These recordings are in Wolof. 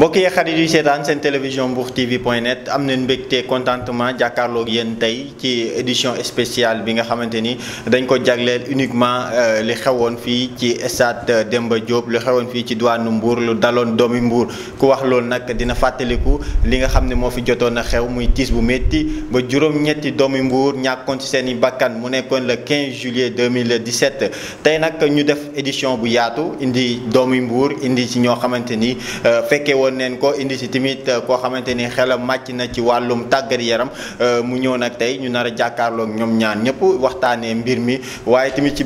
mbokk yi xarit sen télévision mbour tv point net contentement jàkkaarloog yeen tey ci édition spéciale bi nga xamante dañ ko jaglél uniquement euh, li xewoon fi ci stade euh, Demba Diop li xewoon fi ci douane Mbour lu daloon domi Mbour ku wax lool nak dina fàttaliku li nga xamné ne moo fi jotoon a xew muy tiis bu métti ba juróom-ñetti domi Mbour ñakkon ci seen bakkan mu nekkoon le 15 juillet 2017 tey nak ñu def édition bu yaatu indi domi Mbour indi ci ño xamante euh, féké defoon neen ko indi si tamit eh, koo xamante ni xelam màcc na ci wàllum tàggat yaram eh, mu ñëw nag tey ñu nar a jàkkaarloog ñoom ñaan ñëpp waxtaanee mbir mi waaye ci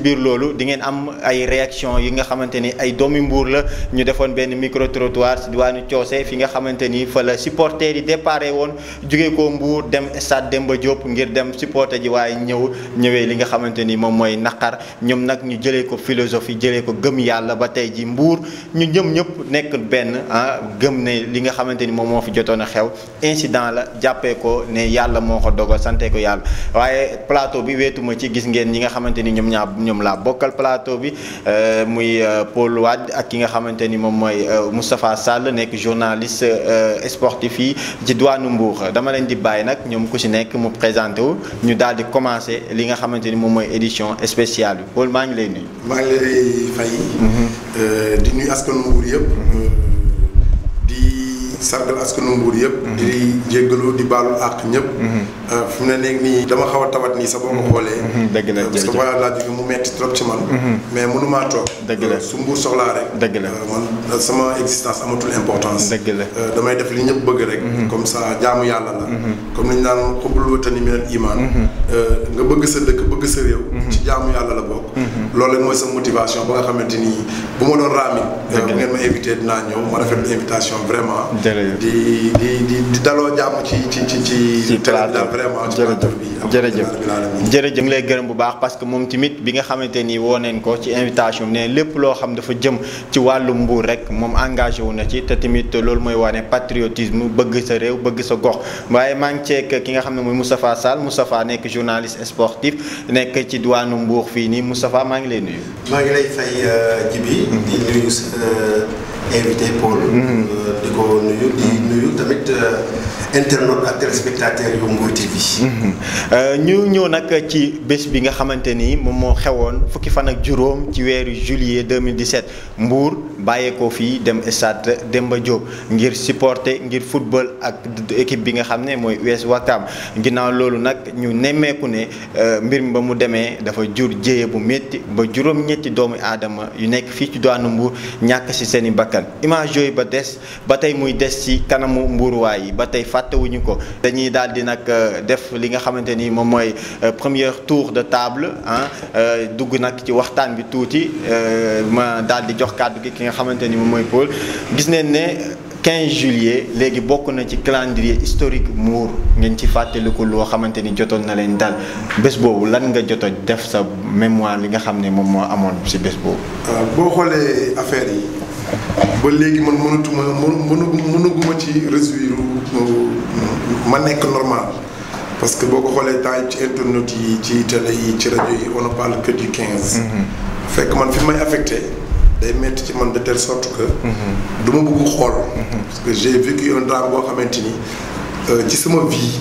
di ngeen am ay réaction yi nga xamante ni ay doomi mbuur la ñu defoon benn micro trottoir si diwaanu coose fi nga xamante fa la supporter yi déparé won jugee ko mbuur dem stade Demba Diop ngir dem supporter ji waaye ñëw ñëwee li nga xamante ni moom mooy naqar ñoom ñu jëlee ko philosophie jëlee ko gëm yàlla ba tey ji mbuur ñu ñëm ñëpp nekk benn ah gëm gëm ne li nga xamante ni moom fi jotoon xew incident la jàppee ko ne yàlla moo dogal sante ko yalla waaye plateau bi weetuma ci gis ngeen ñi nga xamanteni ñom ñaa ñom la bokal plateau bi euh, muy euh, Paul Wade ak ki nga xamanteni mom moy mooy euh, Sall nekk journaliste sportif yi ci douane Mbour dama leen di bay nak ñom ku si nekk mu présenter wu ñu dal di commencer li nga xamanteni mom moy édition spéciale Paul ma ngi lay nuy ma ngi lay fay. Mhm. di nuyu askan mbour yépp mhm. sargal askanu Mbuur yëpp. Mhm. di jéggalu di baalu àq ñëpp. Mhm. Euh, fi mu ne nekk nii dama xaw a tawat nii sa boo ko mhm. xoolee. dëgg la euh, parce que voilà laa la euh, sama existence amatul importance. damay def li ñëpp bëgg rek. comme ça jaamu yàlla la. comme ni ñu naan xubbul watani minal iman. nga bëgg sa dëkk bëgg sa réew. ci jaamu yàlla la bokk. loolu rek mooy sa motivation ba nga xamante ni bu ma doon raami. bu ngeen ma invité dinaa ñëw ma rafetlu invitation vraiment. di di di di daloo jàmm ci ci ci ci. ci plateau vraiment ci plateau bi. jërëjëf jërëjëf ngi lay gërëm bu baax parce que moom tamit bi nga xamante ni woo neen ko ci invitation ne lépp loo xam dafa jëm ci wàllu mbuur rek moom engagé wu na ci te tamit loolu mooy wane patriotisme bëgg sa réew bëgg sa gox waaye maa ngi ceeg ki nga xam ne mooy Moustapha Sall Moustapha nekk journaliste sportif nekk ci diwaanu mbuur fii nii Moustapha maa ngi lay nuyu. maa ngi lay fay euh, Djibi. Mm-hmm. di nuyu euh, invité Paul. Mm-hmm. di ko nuyu di nuyu euh, mhm. euh, ñu ñëw nag ci bés bi nga xamante ni moom moo xewoon fukki fan ak juróom ci weeru juillet 2017 Mbour bàyyeekoo fii dem stade Demba Diop ngir supporter ngir football ak équipe bi nga xam ne mooy US Ouakam ginnaaw loolu nag ñu nemmeeku ne euh, mbir mi ba mu demee dafa jur jéye bu métti ba juróom-ñetti doomu aadama yu nekk fii ci doonu Mbour ñàkk si seen bakkan image yooyu ba des. ba tey muy dess ci kanamu mbuuruwaay yi ba faté wuñu ko dañuy daldi nak euh, def li nga xamanteni mom moy euh, premier tour de table hein, euh dugg nak ci waxtan bi euh ma daldi jox kàddu gi ki nga xamanteni mom moy Paul gis né né 15 juillet légui bokku na ci calendrier historique mour ngeen ci le ko lo xamanteni jotoon na len dal bés boobu lan nga jot def sa mémoire li nga xamné mom mo amone ci si bés bo euh, xolé affaire yi. ba léegi man mënatuma mënu mënaguma ci résoudre ma nekk normal parce que boo ko xoolee temps ci internet yi ci télé yi ci rajo yi on ne parle que du 15. Mm-hmm. fekk man fi may affecté day metti ci man de telle sort que. Mm-hmm. du ma xool. Mm-hmm. parce que j'ai vécu un drame boo xamante ni euh, ci sama vie.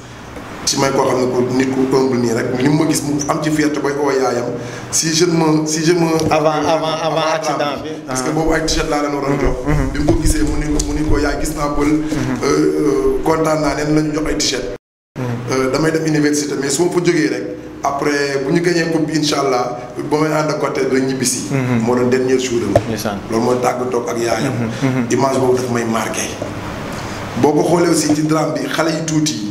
si may koo xam ne ko nit ku humble nii rek li ma gis mu am ci fierté bay oo yaayam si je me si je me. avant avant avant accident bi. parce mhm. mu ko gisee mu ni ko mu ni ko yaay gis naa bël. Mhm. Euh, kontaan naa leen lañu jox t-shirt. Mhm. Euh, damay dem université mais su ma fa jógee rek. après bu ñu gañee coupe bi allah ba may ànd ak côté la ñibbisi. moo doon dernier jour am. incha loolu mooy tàggatoo ak yaayam. image boobu daf may marqué. boo ko xoolee aussi ci drame bi xale yu tuuti.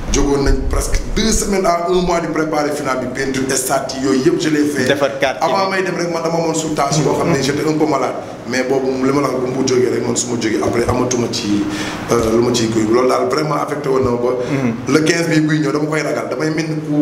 jógoon nañ presque deux semaines à un mois di préparer final bi peinture stade yi yooyu je l'ai fait avant may dem rek man dama mon sous tension boo xam mm-hmm. j'étais un peu malade mais bobu li la bu mu jógee rek man suma ma jógee après amatuma ci euh luma ci kuy lolu dal vraiment affecté woon na ba mm-hmm. le 15 bi buy ñëw dama koy ragal damay mel ni ku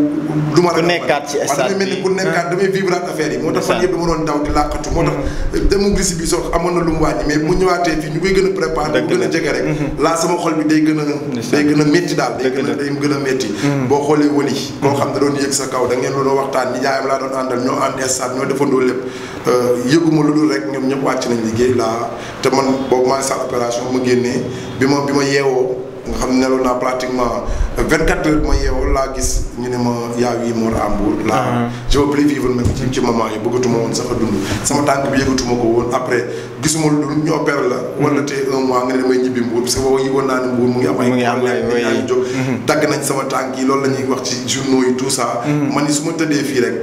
du ma ragal damay mel ni ku nekkaat damay vivre ak affaire yi motax tax fan yëpp dama doon daw di laqatu motax tax mm-hmm. demu gisi bi sox amoon na lu mu wàññi mais bu ñëwaatee fi ñu koy gëna préparer bu gëna a rek la sama xol bi day gëna day gëna metti dal métti daal mu gën a métti mm. boo xoolee wëli koo xam ne mm-hmm. doon yëg sa kaw da ngeen loolu waxtaan ni jaayam laa doon àndal ñoo ànd stade ñoo defandoo lépp euh, yëguma lu dul rek ñoom ñëpp wàcc nañ liggéey laa te man boobu maa salle opération ma génnee bi ma bi ma yeewoo nga xam ne nelaw naa pratiquement vingt quatre heures ma yeewoo laa gis ñu ne ma yaa huit morts à Mbour laa ah. je veux plus vivre même ci yi bëggatuma woon sax a dund sama tànk bi yëgatuma ko woon après gisuma lu ñu opéré la hmm. wala te un mois nga ne damay ñibbi Mbour parce que boobu yi woon naa ne Mbour mu ngi am ay yaa ngi jóg hmm. dagg nañ sama tànk yi loolu la ñuy wax ci journaux yi tout ça hmm. man ni su ma tëddee fii rek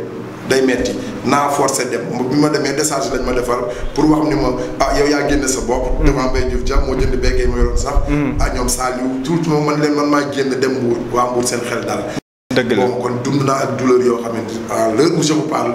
day metti naa forcé dem bi ma demee décharge lañ ma defar pour wax ni moom ah yow yaa génn sa bopp. Mm. devant Mbaye Diouf Dia moo jënd béykat ma yoroon sax. Mm. ah ñoom Saliou tuuti ma man leen man maa génn dem Mbour waa Mbour seen xel daal. dëgg la kon dund naa ak douleur yoo xamante à l'heure où je vous parle.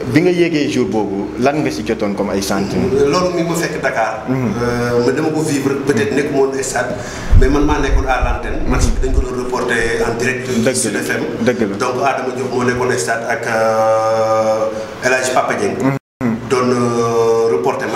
bi nga yéegee jour boobu lan nga ci jotoon comme ay sentiments. Euh, loolu mi ngi ma fekk Dakar. Mhm. Euh, ma dama ko vivre peut-être nekk moon stade mais man maa nekkoon à l'antenne. Mhm. match bi dañ ko doon reporté en direct. Sud FM dëgg la donc Adama Diop moo nekkoon stade ak euh, El Hadj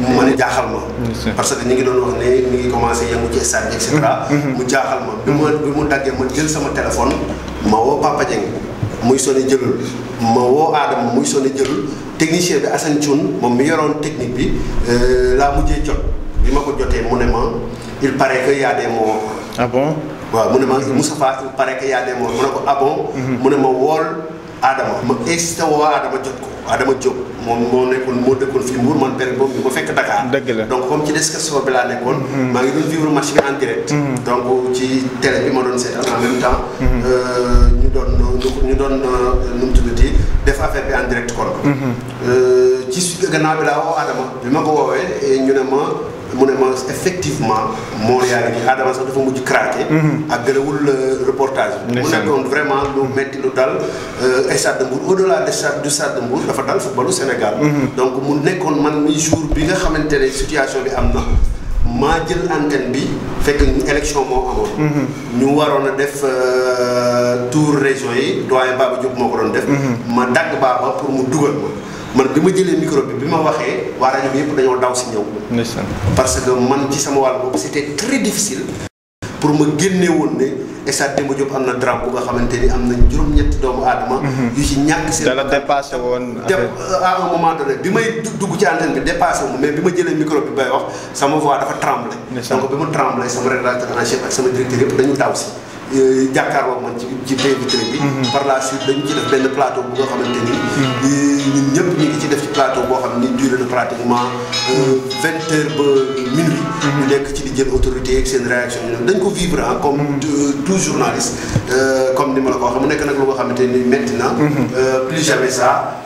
mu mën a jaaxal ma parce que ñu ngi doon wax ne mi ngi commencé yëngu ci stade bi et cetera mm-hmm. Mm-hmm. mu jaaxal ma bi mu daggee ma jël sama téléphone ma woo Papa muy sone jëlul ma woo Adama muy sone jëlul technicien bi Assane Thioune moom mu yoroon technique bi euh, laa mujjee jot bi ma ko jotee mu ne ma il paraît que y a des morts ah bon waaw mu ne ma mm-hmm. Moustapha il paraît que y a des morts mu ne ah mu ne ma wool Adama ma insisté woo Adama jot ko Adama Diop moom moo nekkoon moo dëkkoon fii Mbour man période boobu ma fekk Dakar. donc comme ci Descastor bi laa nekkoon. Mm-hmm. maa ngi doon vivre match bi en direct. Mm-hmm. donc ci télé bi ma doon seetaan en même temps. Mm-hmm. Euh, ñu doon ñu doon euh, nu mu tuddati def affaire bi en direct kon. Euh, bi laa woo Adama bi ma ko woowee ñu ne ma. mu ne ma effectivement Montréal bi Adama sax dafa mujj craqué. Mhm. ak le euh, reportage bi. mu nekkoon vraiment lu metti lu dal euh, stade de Mbour au delà de stade du stade de Mbour dafa dal footballu Sénégal. Mhm. donc mu nekkoon man mi jour bi nga xamante ne situation bi am na. ma jël antenne bi fekk élection moo amoon. Mhm. ñu waroon a def euh, tour région yi doyen Baba Diop moo ko doon def. ma dagg Baba pour mu dugal ma. man bi ma jëlee micro bi bi ma waxee waa rajo bi yëpp dañoo daw si ñëw. parce que man ci sama wàll boobu c'était très difficile. pour ma génne woon ne Stade Demba Diop am na drame bu xamante ni am na juróom doomu aadama. Mhm. yu ci ñàkk seen. dala dépassé woon. à un moment bi may dugg ci antenne bi mais bi ma jëlee micro bay wax sama voix dafa tremblé. donc bi sama sama directeur yëpp dañu daw si. Euh, jàkkaarloo man ci ci tey vitrine bi. Mhm. par la suite dañ ci def ben plateau bu nga xamanteni mhm. ñun ñëpp ñi ci def ci plateau bo xam ni duré na pratiquement 20h euh, mhm. ba minuit. ñu nekk ci di jël autorité ak seen réaction yi dañ ko vivre hein, comme euh, tout journaliste comme ni ma la ko waxee mu nekk nak lu nga xamanteni ni maintenant plus jamais ça.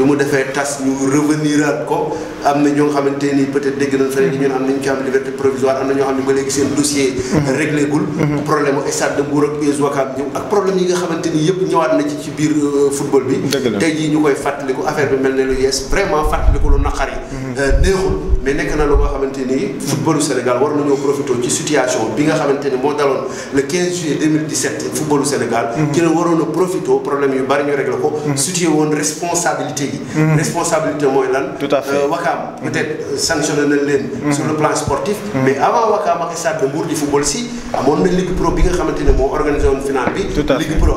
bi mu tas ñu reveniraat ko amna na ñoo nga peut-être dégg nañ feneen yi ñun am nañu ci am liberté provisoire amna na ñoo xam ne ba légui seen dossier mhm. réglé gul mhm. problème stade de Mbour ak US Ouakam ñëw ak problème yi nga xamante yépp ñëwaat na ci ci biir euh, football bi tay ji ñukoy fatlikou affaire bi mel ne lu yees vraiment fatlikou lu nakari mhm néexul mais nekk na lu nga xamante ni footballu Sénégal war nañoo profité ci situation bi nga xamante ni moo le 15 juillet 2017 football au Sénégal. Mhm. ci la waroon a profité problème yu bari ñu réglé ko. Mhm. situé woon responsabilité yi. Mhm. responsabilité mooy lan. tout à fait euh, peut-être euh, sanctionner nañ sur le plan sportif. mais avant Wakam, ak Stade de Mbour du football si amoon na Ligue Pro bi nga xamante ni organisé woon final bi. tout à fait Ligue Pro.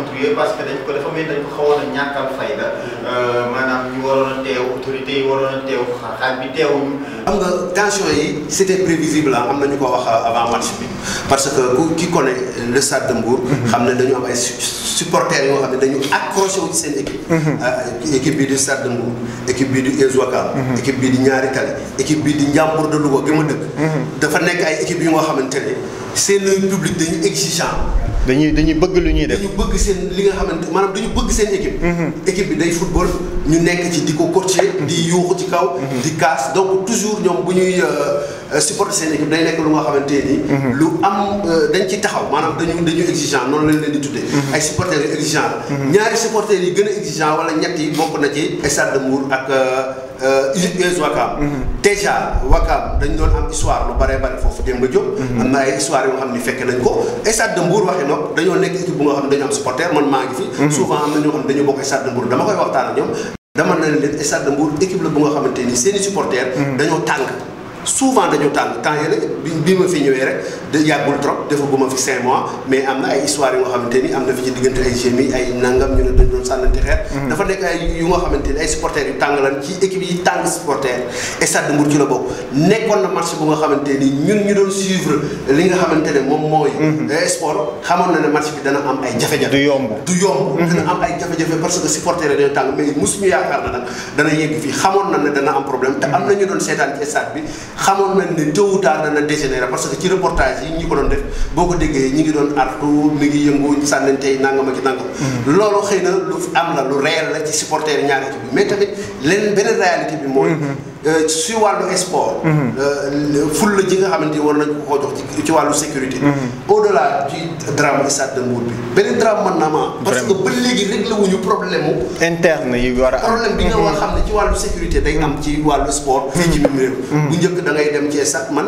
contribuer parce que dañ ko dafa mel dañ ko xawoon a ñàkkal fayda euh, maanaam ñu waroon a teew autorité yi waroon a teew xaaj bi teewuñu. xam nga tension yi c'était prévisible hein. am na ñu ko wax avant match bi parce que ku ki connaît le stade de Mbour. Mm-hmm. xam ne dañu am ay supporters yoo xam ne dañu accroché wu ci seen équipe. Mm-hmm. Ah, équipe bi di stade de Mbour équipe bi di Ouakam. Mm-hmm. équipe bi di Ñaari Kale équipe bi di Njàmbur de Louga gi ma dëkk. dafa nekk ay équipe yu nga xamante ne le public dañu exigeant. dañuy dañuy bëgg lu ñuy def dañu bëgg seen li nga xamante maanaam dañu bëgg seen équipe. Mhm. équipe bi day football ñu nekk ci di ko coacher. Mhm. di yuuxu ci kaw. Mhm. di kaas donc toujours ñoom bu ñuy euh, euh, supporter seen équipe day nekk lu nga xamante ni. lu am euh, dañ ci taxaw maanaam dañu dañu exigeant noonu lañ leen di tuddee. ay supporters yu exigeant la. ñaari supporters yi gën a exigeant wala ñetti yi na ci stade de ak. UGPS euh, Wakaam. Mhm. dèjà Wakaam dañ doon am histoire lu bare bare foofu Demba Diop. Mhm. am na ay histoire yoo xam ne fekke nañ ko. stade de Mbour waxee nopp dañoo nekk équipe bu nga xam ne dañoo am supporter man maa ngi fi. Mhm. souvent am na ñoo xam ne dañoo bokk stade de Mbour dama koy waxtaan a ñoom. dama ne leen stade de Mbour équipe la bu nga xamante ni seen i dañoo tàng. souvent dañu tàng temps yële bi bii ma fi ñëwee rek de yagul trop guma fi 5 mois mais amna ay histoire yo xamanteni amna fi ci digënté ay gémi ay nangam ñu ne doon sànnante xeer mhm. dafa nekk ay yu nga xamante ay supporters yu tàng lan ci équipe yi tang supporters et Stade Mbour ci la bok nekkon na match bu nga xamanteni ñun ñu doon suivre li nga xamanteni ne moy mooy mhm. eh, sport xamoon na ne marché bi dana am ay jafé jafé du yomb du yomb mhm. dana am ay jafé jafé parce que supporters dañu tang mais ñu yaakaar na nak dana yegg fi xamoon na dana am problème te am na ñu doon sétane ci stade bi xamoon nañ ne tôt ou tard dana dégénérer parce que ci reportage yi ñi ko doon def boo ko déggee ñu ngi doon artu mi ngi yëngu sànnañ tey nangam ak mm-hmm. loolu xëy na lu am la lu réel la ci supporter ñaari équipe bi mais tamit leneen beneen réalité bi mooy. Mm-hmm. Euh, ci walu export ful la ji nga xamanteni war nañ ko ko jox ci walu sécurité mhm. au delà du drame de mbour bi benen drame man nama ah. parce que ba légui réglé wuñu problème interne yi wara problème bi nga wax mhm. xamne ci walu sécurité day am ci walu sport mhm. fi ci rew bu ñëk da ngay dem ci man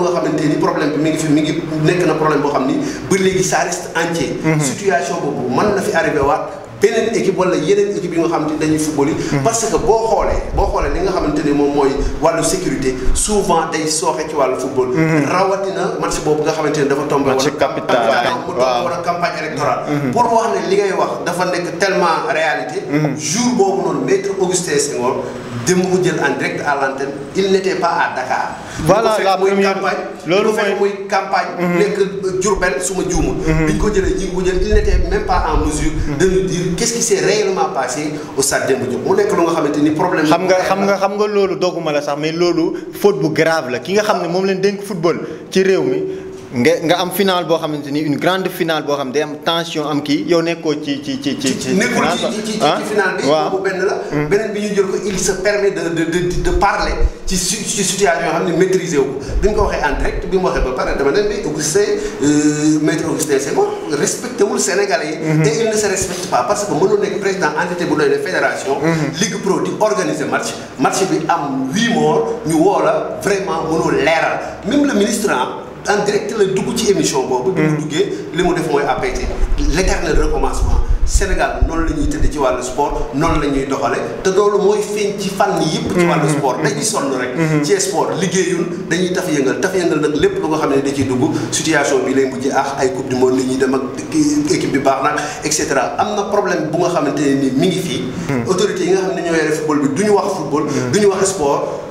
nga problème problème reste entier. Mhm. situation bobu man na fi arrivé équipe wala équipe football mhm. parce que Bo xolé bo xolé li nga sécurité souvent day soxé ci football mhm. rawatina match bobu nga dafa campagne électorale pour wax li ngay wax dafa tellement réalité jour bobu maître Augustin Senghor démb ko jël en direct à l'antenne il n'était pas à Dakar. voilà la première loolu mooy muy campagne. Mhm. nekk Diourbel su ma juumul. Mhm. jëlee ji ko jël il n'était en mesure. Mhm. de nous dire qu'est-ce nga xamante ni problème. xam nga xam nga xam nga loolu dogguma la sax mais loolu faute bu grave la ki nga xam ne moom leen dénk football ci réew mi. nga nga am final bo xamante ni une grande finale bo xam day am tension am ki yow nekkoo ci ci ci ci. ci nekkul ci ci ci ah? finale bi. waaw boobu la. Hmm. benen bi ñu jël ko il se permet de de de de parler ci ci situation yo xam maîtriser wu ko ko waxee en direct bi mu waxee ba paré dama leen di euh maître Augustin c'est bon respecté wu Sénégalais hmm. et il ne se respecte pas parce que mënoo nek président entité bu doy ne fédération. Hmm. ligue pro di organiser match match bi am 8 morts ñu wola vraiment mënoo leeral même le ministre ah, en direct la dugg ci émission bobu bi mu mm. limu def moy APT. l'éternel recommencement Sénégal non lañuy ñuy ci wàllu sport non lañuy doxalé té te moy mooy ci fan yëpp. ci wàllu mm-hmm. sport dañuy sonn rek. Mm-hmm. ci sport liggéeyul dañuy taf yëngal taf yëngal nak lépp lu nga xamné da ci dugg situation bi lay mujjee ax ay coupe du monde li ñuy dem ak équipe bi baax nag et cetera problème bu nga xamante ni mi ngi fii. Mm. autorités yi nga xamné ne ñoo yore football bi duñu wax football. Mm. duñu wax sport.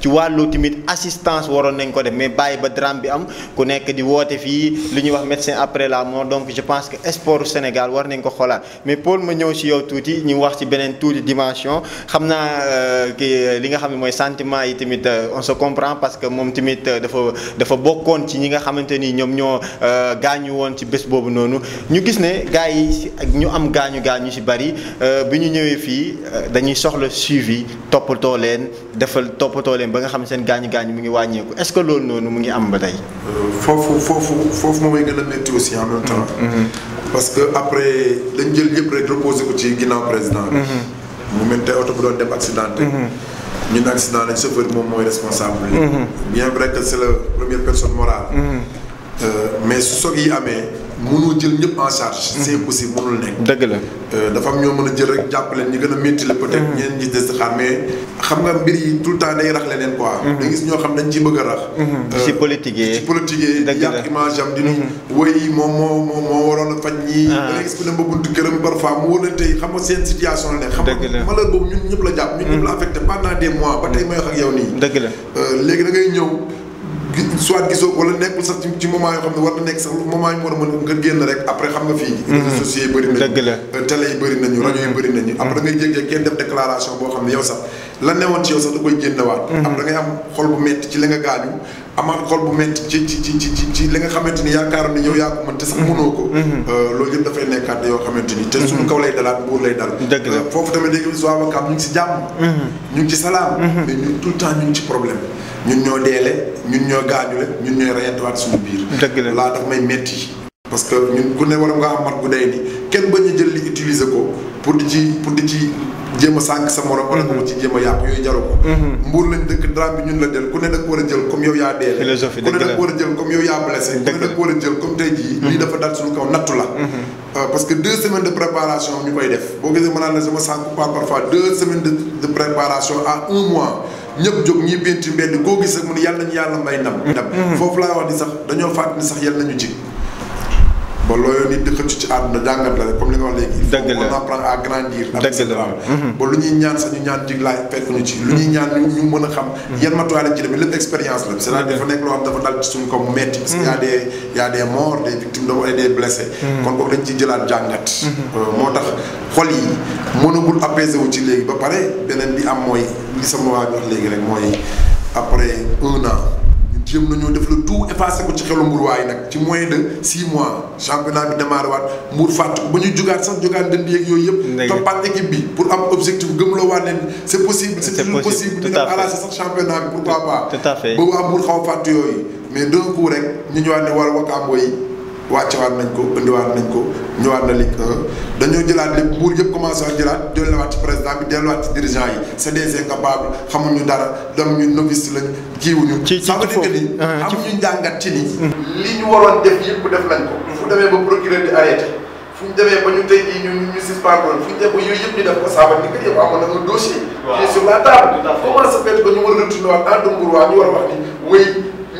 tu vois, def assistance waron mais baye ba drame bi am ku di médecin après la mort donc je pense que sport Sénégal war mais Paul yow wax ci dimension euh, euh, li nga sentiment euh, on se comprend parce que mon timit dafa dafa bokkon ci ñi nga xamanteni ni ñoo nous, ci ñu gis yi ñu am suivi toppatoo leen ba nga xam seen gaañu gaañu mu ngi wàññeeku est-ce que loolu noonu mu ngi am ba tey. Euh, foofu foofu foofu moom mooy gën a métti aussi en mm-hmm. Mm-hmm. parce que après dañ jël yëpp rek reposé ko ci ginnaaw président bi. Mm-hmm. mu mel tey bu doon dem accidenté. ñun accident lañ chauffeur moom mooy responsable. bien vrai c'est la première personne morale. Euh, mais su soog yi amee. mënoo jël ñëpp en charge. Mhm. c'est aussi mënul nekk. dëgg la euh, dafa am ñoo mën a jël rek jàppaleen ñi gën a métti la peut-être mhm. ñi des xam nga mbir yi tout le temps day rax leneen quoi. Mhm. xam dañ ciy bëgg a rax. Euh, ci politique ci politique moo moo moo waroon a ah. ba buntu këram parfois mu wóor tey xam nga seen la boobu ñun ñëpp la jàpp. ñun ñëpp la affecté pendant des mois ba tey may ak yow nii. dëgg la euh, léegi da ñëw gis soit gisoo wala nekkul sax ci moment yoo xam ne war na nekk sax moment yi mu war a mën nga génn rek après xam nga fii. Mm-hmm. réseaux sociaux yi bëri nañu. dëgg la euh, télé yi bëri nañu rajo yi mm-hmm. bëri nañu. après mm-hmm. ngay jéggee kenn def déclaration boo xam ne yow sax. la newoon ci yow sax da koy génnewaat. am mhm. da ngay am xol bu metti ci li nga xamante ni yaakaar ne yow yaa ko mën te sax mënoo ko. Mhm. Euh, loolu yëpp dafay nekkaat yoo xamante ni. te suñu mhm. kaw lay dalaat buur lay dal. dëgg la euh, foofu tamit dañuy le temps ñu ngi ci problème ñun ñoo ñun ñoo gaañule ñun ñooy reyantewaat suñu biir. dëgg laa daf may metti parce que ñun ku ne wala nga am mat gu day ni kenn bañ a jël li utiliser ko pour di ci pour di ci jéem a sànq sa morom wala mu ci jéem a yooyu jaru ko mhm. mbuur dëkk drame bi ñun la del ku ne da war a jël comme yow yaa dee ku ne da war a jël comme yow jii mhm. lii dafa dal kaw nattu la mhm. euh, parce que deux semaines de préparation ñu koy def boo gisee mën naa la sama sànq pas parfois deux semaines de préparation à un mois ñëpp jóg ñi benn ci mbedd koo gis ak mu ne nañu yàlla may ndam ndam foofu laa wax di sax dañoo ba looyoo nit di xëcc ci àdduna jàngat la rek comme li nga léegi. dëgg la on apprend mhm. lu ñuy ñaan sax ñaan jiglaay fekk ñu ci. lu ñuy ñaan ñu ñu mën a xam. Mhm. yan matuwaay lañ ci demee expérience la. c'est-à-dire nekk loo dafa dal ci suñu kaw metti. parce que y a mhm. des y a des morts des kon boog dañ ciy jëlaat jàngat. Euh, moo tax xol yi mënagul apaiser ci léegi ba pare beneen bi am mooy li sama waa wax léegi rek mooy après un an. jéem nañoo def le tout effacé ko ci xelu mburuwaay yi nag ci moins de six mois championnat bi démarré waat mbuur fàtt ko ba ñu jugaat sax jugaat ndënd yeeg yooyu yëpp toppaat équipe bi pour am objectif gëmloo waat leen c' possible c' est toujours possible di nga alaase sax championnat bi pourquoi pas ba waa mbuur xaw fàtt yooyu mais d'un coup rek ñu ñëwaat ne war a yi wàccewaat nañ ko indiwaat nañ ko ñëwaat na Ligue 1 dañoo jëlaat lépp mbuur yëpp commencé waat jëlaat delluwaat ci président bi delluwaat ci dirigeant yi c'est des incapables xamuñu dara dem ñu novice lañ kiiwuñu. ci ci foofu sax euh, ni amuñu ci ni. Mm. li ñu waroon def yëpp def ko. fu demee ba procureur di arrêté fu ñu demee ba ñu tey jii ñu ñu suspendre fu ñu demee ba yooyu yëpp ñu def ko saaba ni yëpp amoon na un dossier. waaw sur la table. comment war a retourner waat en ñu war a wax ni wéy.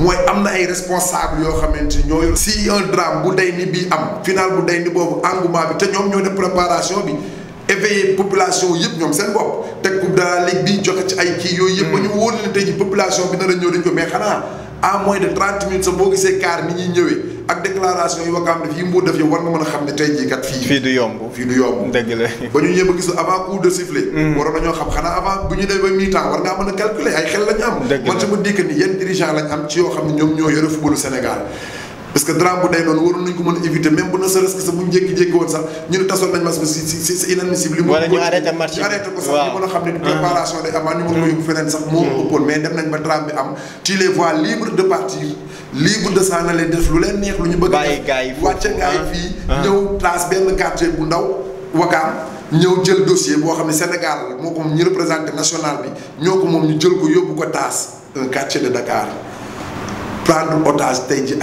mooy am na ay responsable yoo xamante ñoo yor si un drame bu day ni bii am final bu day ni boobu engouement bi te ñoom ñoo def préparation bi éveiller population yëpp ñoom seen bopp teg coupe de la ligue jox ci ay kii yooyu yëpp ba mm. ñu wóor ne ji population bi nar a ñëw dañ ko mais xanaa en moins de 30 minutes sax boo gisee kaar ni ñuy ñëwee ak déclaration yi wakaam def yi mbuur def yow war nga mën a xam ne tey jii kat fii fii du yomb fii du yomb dëgg ba ñu ñëw ba gis avant coup de sifflet mm. waroon nañoo xam xanaa avant bu ñu demee ba mi-temps war ngaa mën a calculer ay xel lañ am man sama dikk ni yenn dirigeant lañ am ci yoo xam ne ñoom ñoo yore footballu Sénégal parce que drame bu day noonu waroon nañ ko mën a éviter même bu ne serait-ce sax bu ñu jékki-jékki sax ñu ne tasoon nañ marche bi si si c'est inadmissible. wala ñu arrêté ko sax ñu mën a xam ne ah. préparation day avant ñu mën ko yóbbu feneen sax moo hmm. ëppoon mais dem nañ ba drame bi am tu les vois libres de partir libre de s'en aller def lu leen neex lu ñu bëgg def yi ah. fii ah. ñëw trace benn quartier bu ndaw wakaam ñëw jël dossier boo xam ne Sénégal moo ko moom national bi ñoo moom ñu jël ko yóbbu ko taas un quartier prendre otage tay ji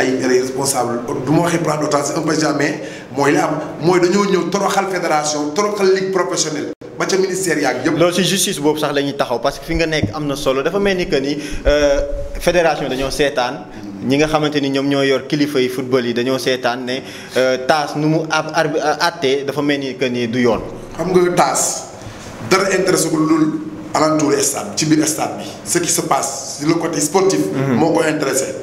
prendre un peu jamais la toroxal fédération toroxal ligue professionnelle. ba ca ministère justice sax parce que fi nga nekk solo dafa que euh, fédération sétane ñi nga xamanteni ñom yor yi football yi euh, nu mu dafa que ni du yoon. xam nga dara intéressé stade ce qui se passe le côté sportif. Mhm. intéressé.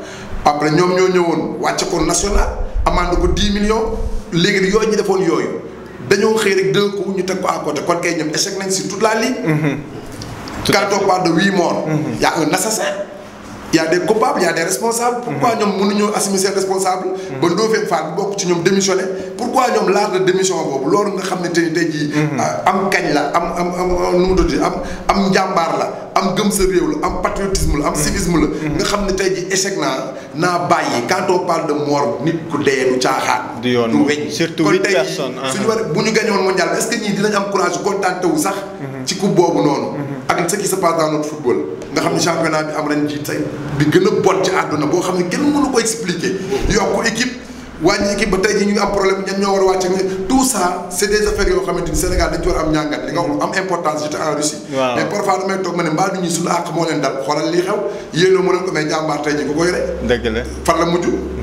après ñoom ñoo ñëwoon wàcc ko national amande ko 10 millions léegi yooyu ñu defoon yooyu dañoo xëy rek deux coups ñu teg ko à côté kon kay nañ si toute la ligne. tout à fait quand de huit morts. Mm-hmm. y a un sa yaa a des coupables y a des responsables. pourquoi ñoom mënuñoo assumer seen responsable. ba Ndofène Fall bokk ci ñoom démissionné. pourquoi ñoom laar de démission boobu loolu nga xam ne tey tey jii. Mhm. am kañ la am am am nu mu tudd am am njàmbaar la gëm sa réew la am patriotisme la am mhm. civisme la. Mhm. nga xam ne tey jii échec naa naa bàyyi quand on de mort nit ku dee du caaxaan. du yoon surtout huit personnes kon tey suñu war bu ñu gañoon mondial est ce que ñii dinañ am courage kontaan sax. ci coupe boobu noonu. nga xam ne championnat bi am ren ji bi gën a bon ci àdduna boo xam ne kenn mënu ko expliquer. yokk équipe wàññi équipe ba tey ji ñu ngi am problème ñoo war a wàcc tout ça c' est des yoo xamante ni Sénégal dañ ci war a am ñàngat li nga wax am importance j'étais en Russie. mais parfois damay toog ma ne mbaa nit ñi suñu àq moo leen dal xoolal lii xew yéen a mën a ko mais jàmbaar tey ji ko koy rek. dëgg la fan la mujj.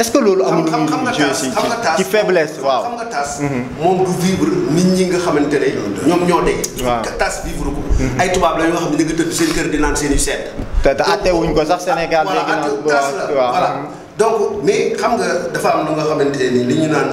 est-ce que loolu amul lu muy joué si ci faiblesse waaw mhm. moom du vivre nit ñi nga xamante ne ñoom ñoo dee waaw taas vivre ko mhm. ay tubaab la ñoo xam ne ñu nga tëdd seen kër di naan seen yu sedd te te àttewuñ ko sax Sénégal dégg naa waaw mhm. donc mais xam nga dafa am lu nga xamante ni li ñu naan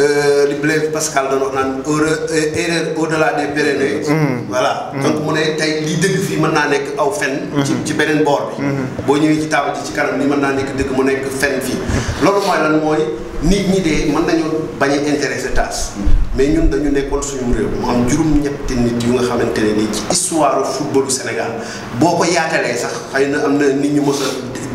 euh, li Blaise Pascal doon wax naan erreur euh, au-delà des Pyrénées. Mm-hmm. voilà mm-hmm. donc mu ne tey lii dëgg fii mën naa nekk aw fen. Mm-hmm. ci ci beneen boor bi. boo ñëwee ci table ji ci kanam li mën naa nekk dëgg mu nekk fen fii. loolu mooy lan mooy nit ñi de mën nañu bañ a intéressé taas. mais ñun dañu nekkoon suñu réew mu am juróom-ñetti nit yu nga xamante ne nii ci histoire footballu Sénégal boo ko yaatalee sax xëy nit ñu mës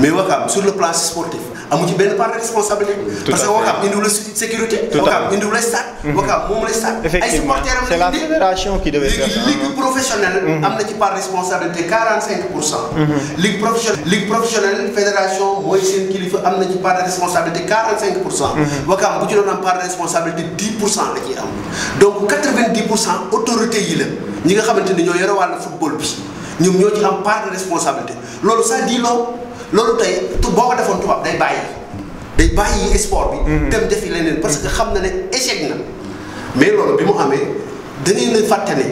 mais sur le plan sportif amu ci pas de responsabilité. parce que pas la sécurité. de sécurité, stade. la stade. Mhm. effectivement C'est la fédération qui devait faire ligue professionnelle. Mhm. ci de responsabilité 45 mhm. ligue professionnelle fédération mooy seen kilifa am de responsabilité 45 Wakam, responsabilité de responsabilité 10 donc 90 autorité yi la ñi nga football ñoom ñoo ci am part de responsabilité loolu ça dit long loolu tey tu boo ko defoon tubaab day bàyyi day bàyyi sport bi. Mhm. dem defi leen parce que xam na ne echec na. mais loolu bi mu amee dañuy leen fàtte ne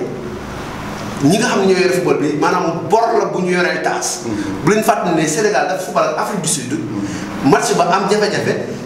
ñi nga xam ne ñoo yore football bi maanaam bor la bu ñu yoree taas. Mhm. bu leen fàtte ne Sénégal dafa football ak Afrique du Sud. Mhm. match ba am jafe-jafe.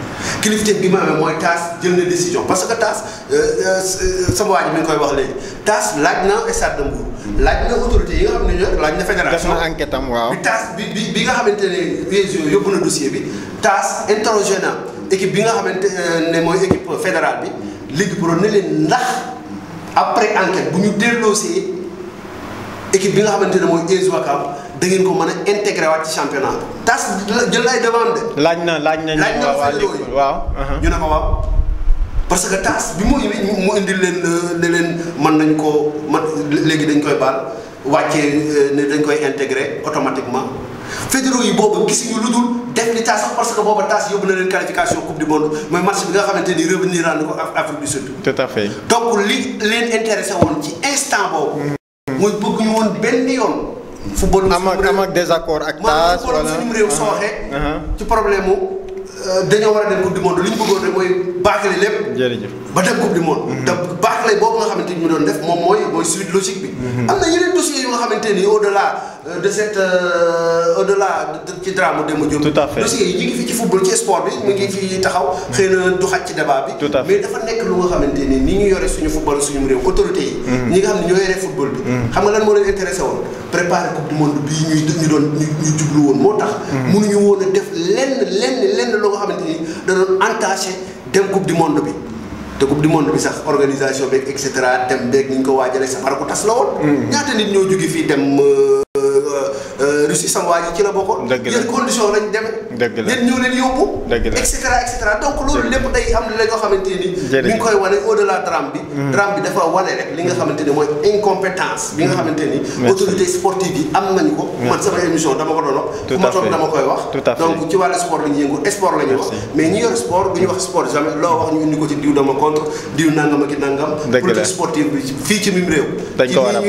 kilifteef bi ma amee mooy taas jël na décision parce que taas euh, euh, sama waa ji mi ngi koy wax léegi taas laaj na stade de Mbour. laaj na autorité yi nga xam ne ñoo laaj na fédération def na enquête am waaw. bi taas bi bi bi nga xamante ne réseau yóbbu na dossier bi taas interrogé na équipe bi nga xamante euh, ne mooy équipe fédéral bi Ligue Pro ne leen ndax après enquête bu ñu delloosee équipe bi nga xamante ne mooy EZOACAM. da ngeen ko mën a intégré waat ci championnat bi. tas jël ay devant de. laaj na laaj na ñu waaw waaw uh-huh. ñu ne ko waaw. parce que tas bi mu indi mu indil leen euh, ne leen mën nañ ko man léegi dañ koy baal wàccee euh, ne dañ koy intégré automatiquement fédéraux yi boobu gisuñu lu dul def li tas sax parce que booba tas yóbbu na leen qualification coupe du monde mooy match bi nga xamante ni revenir na ko Afrique du Sud. tout à fait donc li leen intéressé woon ci instant boobu. Mm. mooy bëgg ñu woon benn yoon. football am ak am ak désaccord ak taas wala maanaam football suñu réew sooxe. Uh-huh. ci problème mu. Euh, dañoo war a dem coupe du monde li ñu bëggoon rek mooy baaxle lépp. jërëjëf ba dem coupe mhm. bi. Mhm. am na yeneen dossiers yu nga xamante ni au delà euh, de cette euh, ñu ngi fi ci football ci sport bi mu ngi fi taxaw. Mhm. xëy na du monde bii ñu doon ñu jublu woon moo tax. mënuñu woon a def lenn lenn lenn nga xamante ni da doon entaché dem coupe du monde bi te coupe du monde bi sax organisation beeg et cetera dem beeg ni ñu ko waajalee safara ku tas la woon. Mm. ñaata nit ñoo jóge fii dem. Euh, Russie sama waa ji ci la bokkoon. dëgg la yéen condition lañ demee. dëgg la yéen ñëw leen yóbbu. dëgg bi. Mm. drame bi dafa ni mooy incompétence bi mm. ko. man sama émission dama ko doon wax. tout à ma koy wax. tout à fait donc ci wàllu sport ñuy yëngu sport la ko ci diw dama contre diw nangam i nangam. dëgg la politique ko war a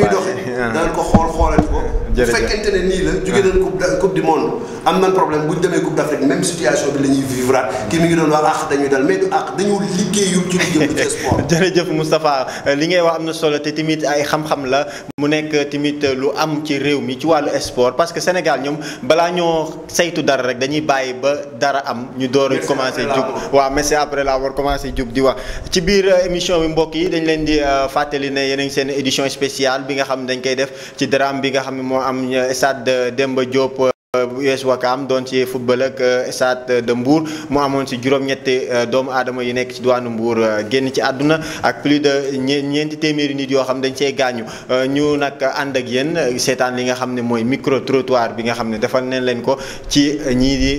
baaxee ah. nii ñuy jugé nañ coupe coupe du monde am nañ problème buñ démé coupe d'afrique même situation bi lañuy vivre ki mi ngi doon wax ak dañu dal mais du ak dañu liggéeyul ci lu ci sport jërëjëf Moustapha li ngay wax am solo te timit ay xam xam la mu nekk timit lu am ci réew mi ci walu sport parce que sénégal ñom bala ñoo saytu dara rek dañuy bayyi ba dara am ñu doora commencer juk wa mais c'est après la war commencer juk di wax ci biir euh, émission bi mbokk yi dañ leen di euh, fatali ne yeen seen édition spéciale bi nga xam dañ koy def ci drame bi nga xam mo am euh, stade Demba Diop US eh, Wakam doon ci football ak eh, stade de Mbour mu amoon ci juróom-ñetti eh, doomu aadama yu nekk ci diwaanu Mbour génn ci àdduna ak plus de ñeenti téeméeri nit yoo xam dañ cee gaañu ñu nag ànd ak yéen seetaan li nga xam ne micro trottoir bi nga xam defal neen leen ko ci ñii di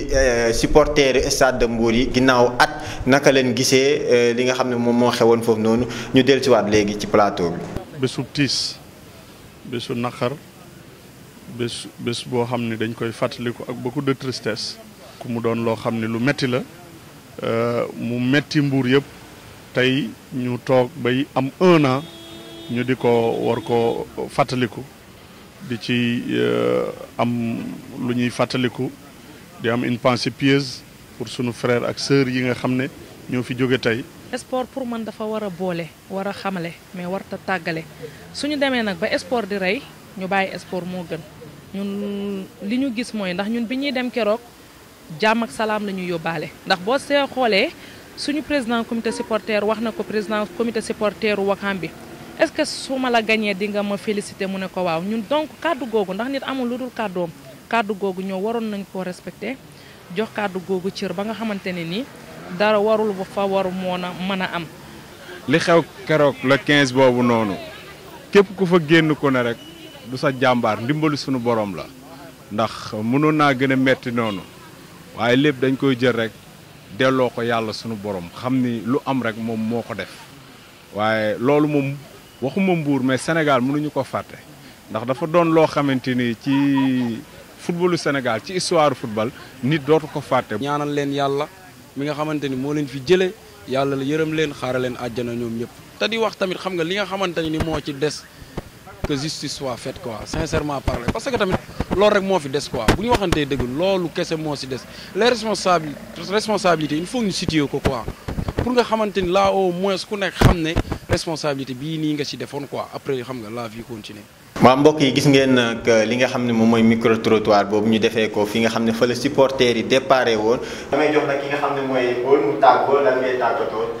supporter stade de Mbour yi ginnaaw at naka leen gisee li nga xam ne moom moo xewoon foofu noonu ñu dellusiwaat léegi ci plateau bi. bésu tiis bésu naqar. bés boo xam ne dañ koy fàttaliku ak beaucoup de tristesse ku mu doon loo xam ne lu metti la euh, mu metti mbuur yëpp tey ñu toog bay am un ñu di ko war ko fàttaliku di ci euh, am lu ñuy fàttaliku di am une pensée pieuse pour sunu frère ak sœur yi nga xam ne ñoo fi jóge tey. sport pour man dafa war a boole war a xamale mais warta tàggale su ñu demee nag ba sport di rey. ñu bàyyi sport moo gën ñun li ñu gis mooy ndax ñun bi ñuy dem keroog jàmm ak salaam la ñu yóbbaale ndax boo see xoolee suñu président comité supporter wax na ko président comité supporter Wakam bi est-ce que su ma la gañee di nga ma félicité mu ne ko waaw ñun donc kàddu googu ndax nit amul lu dul kàddoom kàddu googu ñëw waroon nañ koo respecté jox kàddu googu cër ba nga xamante ne nii dara warul ba fa waru moo na mën a am. li xew keroog la 15 boobu noonu képp ku génn ko na rek. du sa jàmbaar ndimbali suñu borom la ndax mënoon naa gën a metti noonu waaye lépp dañ koy jël rek delloo ko yàlla sunu borom xam ni lu am rek moom moo ko def waaye loolu moom waxuma mbuur mais Sénégal mënuñu ko fàtte ndax dafa doon loo xamante ni ci footballu Sénégal ci histoire futbal nit dootu ko fàtte. ñaanal leen yàlla mi nga xamante ni moo leen fi jëlee yàlla la yërëm leen xaara leen àjjana ñoom ñëpp. te di wax tamit xam nga li nga xamante ni moo ci des. que justice soit faite quoi sincèrement parler parce que tamit lool rek moo fi des quoi buñu waxanté deug loolu kessé mo si dess les responsables responsabilité il faut ñu situer ko quoi pour nga xamante ni là au moins ku nek xamné responsabilité bi ni nga si defoon quoi après xam nga la vie continue. ma mbokk yi gis ngeen que li nga xamné ne micro trottoir bobu ñu défé ko fi nga xamné fa le supporters yi déparé won damay jox nag ki nga xamné moy mooy mu tàggoo lan ngay tàggatoo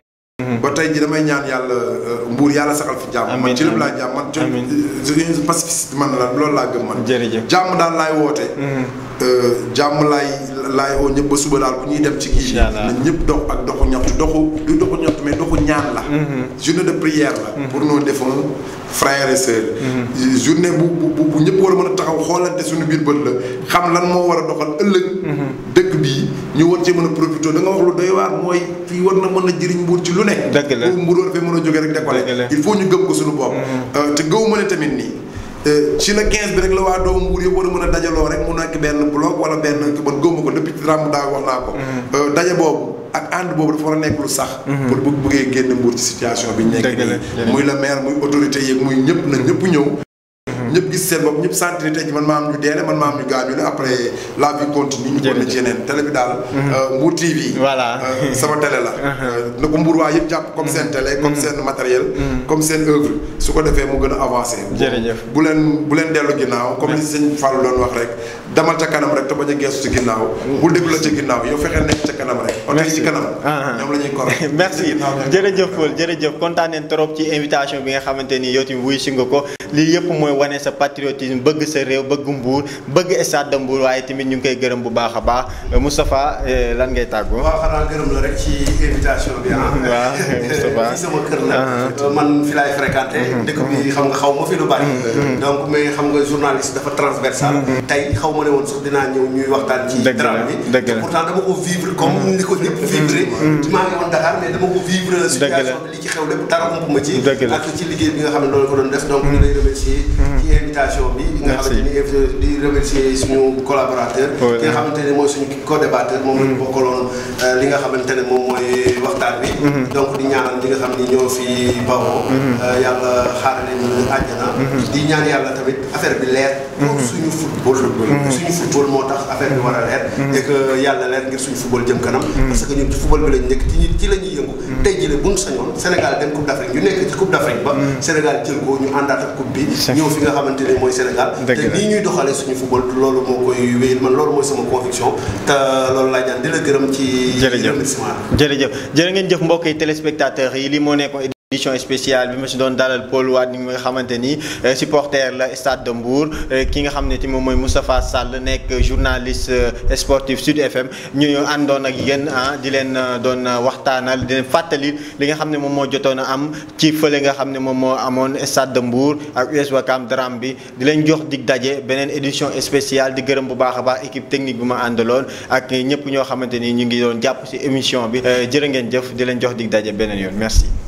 Mhm. ba tey ji damay ñaan yàlla euh, mbuur yàlla saxal fi jàmm man ci lépp laa jàmm man. amiin parce que man la loolu laa gëm man. jërëjëf jàmm daal laay woote. Mhm. jàmm laay laay oo ñëpp ba suba daal bu ñuy dem ci kii na ñëpp dox ak doxu ñaxtu doxu du doxu ñaxtu mais doxu ñaan la mm-hmm. journée de prière la mm-hmm. pour nos défunts frères et mm-hmm. journée bu bu bu ñëpp war a mën a taxaw xoolante suñu biir bët la xam lan moo war a doxal ëllëg dëkk bii ñu war cee mën a profité da nga wax lu doy waar mooy fii war na mën a jëriñ mbuur ci lu ne pour mbuur war fee mën a jógee rek dekole il faut ñu gëm ko suñu bopp euh, te gëw ma ne tamit nii Euh, ci la 15 bi rek la waa doomu Mbuur yëpp war a mën a dajaloo rek mu nekk benn bloc wala benn ki man góob ko depuis ci ràmm daa wax naa ko. Mhm. Euh, daje boobu ak ànd boobu dafa war a nekk lu sax. Mhm. pour bu bëggee génn Mbuur ci situation bi ñu nekk nii muy la maire muy autorité yeeg muy ñëpp na ñëpp ñëw. ñëpp gis seen bopp ñëpp sentir ne tey ji man maa am ñu deene man maa am ñu gaañu ne après la vie continue ñu boole ci yeneen télé bi daal mhm. euh, Mbour TV voilà euh, sama télé la uh-huh. euh, na ko Mbour waa yëpp jàpp comme seen mhm. télé comme mhm. seen matériel comme seen œuvre su ko defee mu gën a avancé jërëjëf bu leen dellu ginnaaw comme li sëñ Fallou doon wax rek damal ca kanam rek te bañ a geesu ci ginnaaw bul déglu la ca ginnaaw yow fexeel nekk ca kanam rek on ci kanam uh-huh. ñoom la kor merci bi nga xamante ni sa patriotisme bëgg sa réew bëgg Mbour bëgg stade de waaye tamit ñu ngi koy gërëm bu baax a baax euh, Moustapha euh, lan ngay tàggoo waaw xanaa gërëm la rek ci invitation bi ah. waaw Moustapha sama kër la. Ah. Euh, man fi laay mm-hmm. xaw ma fi lu bari. Mm-hmm. Mm-hmm. donc mais xam nga journaliste dafa transversal. tey xaw ma ne woon sax dinaa ñëw ñuy waxtaan ci. drame dama ko vivre comme ni ko ñëpp vivre. maa ngi woon Dakar mais dama ko vivre. dëgg la situation li ci xew lépp dara ma ci. dëgg la ak ci liggéey bi xam ne loolu ko doon def invitation bi. di nga xamante ni co-débatteur. moom la ñu mm-hmm. euh, li nga xamante ne moom mooy waxtaan bi. Mm-hmm. donc di ñaanal li nga xam ni ñoo fi bawoo. Mm-hmm. Euh, yàlla xaaral leen àjjana. di ñaan yàlla tamit affaire bi leer. pour suñu football. suñu moo tax affaire bi war a leer. et que yàlla leer ngir suñu football jëm kanam. parce que ñun ci nekk ci ci la yëngu. tey jii la bu ñu sañoon Sénégal dem Coupe d'Afrique ñu nekk ci Coupe d'Afrique ba. Sénégal jël ko ñu àndaat ak bi ñëw fi nga xamante ne mooy Sénégal te nii ñuy doxalee suñu football loolu moo koy wéyal man loolu mooy sama conviction te loolu laa ñaan gërëm ci remerciement jërëjëf jërë ngeen jëf mbokk yi yi li moo nekkoon édition spéciale bi ma si doon dalal Paul Wade ni nga xamante ni euh, supporter la Stade de Mbour euh, ki nga xam ne moom mooy Moustapha Sall nek journaliste euh, sportif Sud FM ñu andon ak yéen ah di len doon waxtaanal di leen li nga xam mom mo moo am ci fële nga xam mom mo amone Stade de Mbour ak US Ouakam Dram bi di len jox dig dajé benen édition spéciale di gërëm bu baax ba équipe technique bi ma àndaloon ak ñepp ñoo xamante ni ñu ngi doon japp ci émission bi jërë ngeen jëf di len jox dig dajé benen yoon merci.